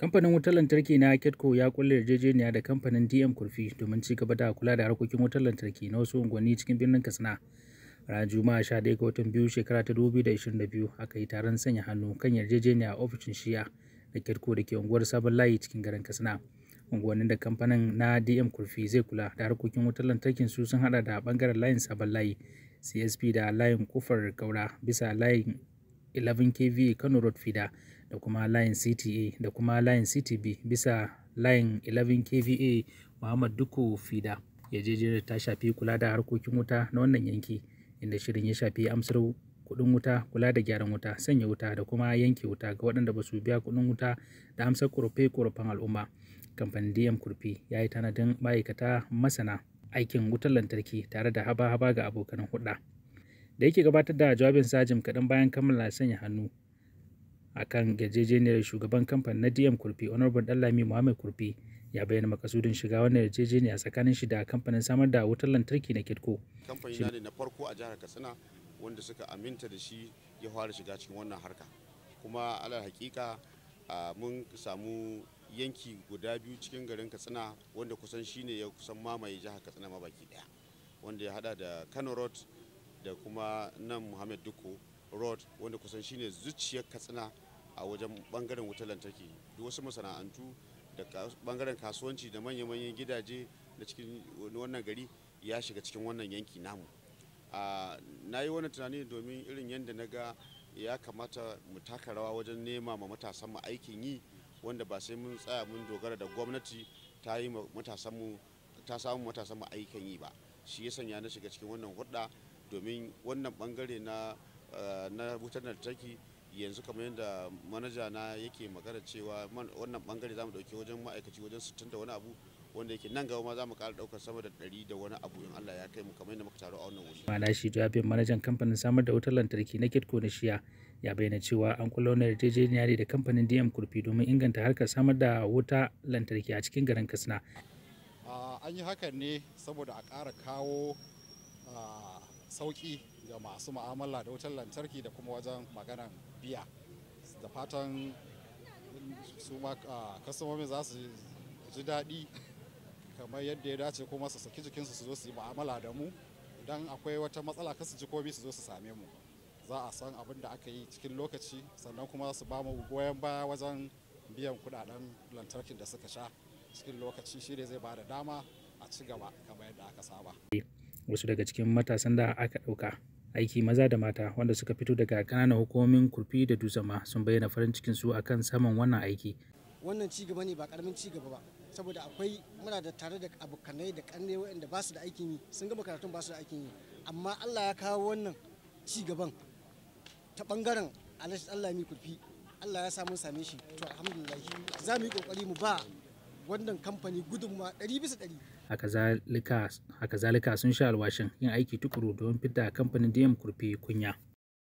Kamfanin wutar lantarki na Ketco ya kulle yarjejeniya da kamfanin DM Kurfi domin ci gaba da kula da harkokin wutar lantarki na wasu unguwanni cikin birnin Katsina. Ranar Juma'a 11 ga watan biyu shekara ta biyu aka yi taron sanya hannu kan yarjejeniya a ofishin Shiya da Ketco da ke unguwar Sabon Layi cikin garin Katsina. Unguwannin da kamfanin na DM Kurfi zai kula da harkokin wutar lantarkin su sun hada da bangaren layin Sabon Layi, CSP da layin Kofar Kaura bisa layin 11 kV Kano Road feeder. da kuma layin cta da kuma layin ctb bisa layin 11 kva muhammad duku fida ya je yarjejeniyar ta shafi kula da harkokin wuta na wannan yanki inda shirin ya shafi amsar kuɗin wuta kula da gyaran wuta sanya wuta da kuma yanke wuta ga waɗanda ba su biya kuɗin wuta da amsar kurfe kurfan al'umma kamfanin dm kurfi ya yi tanadin ma'aikata masana aikin wutar lantarki tare da haba-haba ga abokan hulɗa da yake gabatar da jawabin sajin kaɗan bayan kammala sanya hannu a kan gajejeniyar shugaban kamfanin na DM Kurfi Honorable Dallami Muhammad Kurfi ya bayyana makasudin shiga wannan yarjejeniya tsakanin shi da kamfanin samar da wutar lantarki na Kitco. Kamfanin ne na farko a jihar Katsina wanda suka aminta da shi ya fara shiga cikin wannan harka. Kuma alal hakika mun samu yanki guda biyu cikin garin Katsina wanda kusan shine ya kusan mamaye jihar Katsina ma baki daya. Wanda ya hada da Kano Road da kuma nan Muhammad Dukko Road wanda kusan shine zuciyar Katsina a wajen bangaren wutar lantarki duk wasu masana'antu da bangaren kasuwanci da manya-manyan gidaje na cikin wannan gari ya shiga cikin wannan yanki namu na yi wani tunani domin irin yadda na ga ya kamata mu taka rawa wajen nema ma matasanmu aikin yi wanda ba sai mun tsaya mun dogara da gwamnati ta yi matasanmu ta samu matasanmu aikin yi ba shi ya sanya na shiga cikin wannan hudda domin wannan bangare eh, na wutar lantarki yanzu kamar yadda manaja na yake magana cewa wannan bangare za mu wajen ma'aikaci wajen 60 da wani abu wanda yake nan gaba ma za mu kara ɗaukar sama da ɗari da wani abu in Allah ya kai mu kamar yadda muka taru a wannan wuri. Ma'ana shi jawabin manajan kamfanin samar da wutar lantarki na Kitco na Shiya ya bayyana cewa an kula wani yarjejeniya ne da kamfanin DM Kurfi domin inganta harkar samar da wuta lantarki a cikin garin Katsina. Ah, an yi hakan ne saboda a ƙara kawo sauki ga masu ma'amala da wutar lantarki da kuma wajen maganan biya da fatan su ma za su ji daɗi kamar yadda ya dace kuma su saki jikinsu su zo su yi ma'amala da mu idan akwai wata matsala kasu ji komi su zo su same mu za a san abin da aka yi cikin lokaci sannan kuma su ba mu goyon baya wajen biyan kudaden lantarkin da suka sha cikin lokaci shi ne zai ba da dama a ci gaba kamar yadda aka saba. wasu daga cikin matasan da aka ɗauka aiki maza da mata wanda suka fito daga kananan hukumomin kurfi da dusama sun bayyana farin cikin su akan saman wannan aiki wannan ci gaba ne ba karamin ci gaba ba saboda akwai muna da tare da abokanai da kanne waɗanda ba su da aikin yi sun gama karatun ba su da aikin yi amma Allah ya kawo wannan ci gaban ta bangaren Alhaji Allah mai kurfi Allah ya samu same shi to alhamdulillah za mu yi kokari mu ba wannan kamfani gudunmawa ɗari bisa ɗari haka zalika sun sha alwashin yin aiki tukuru don fita kamfanin dm kurfi kunya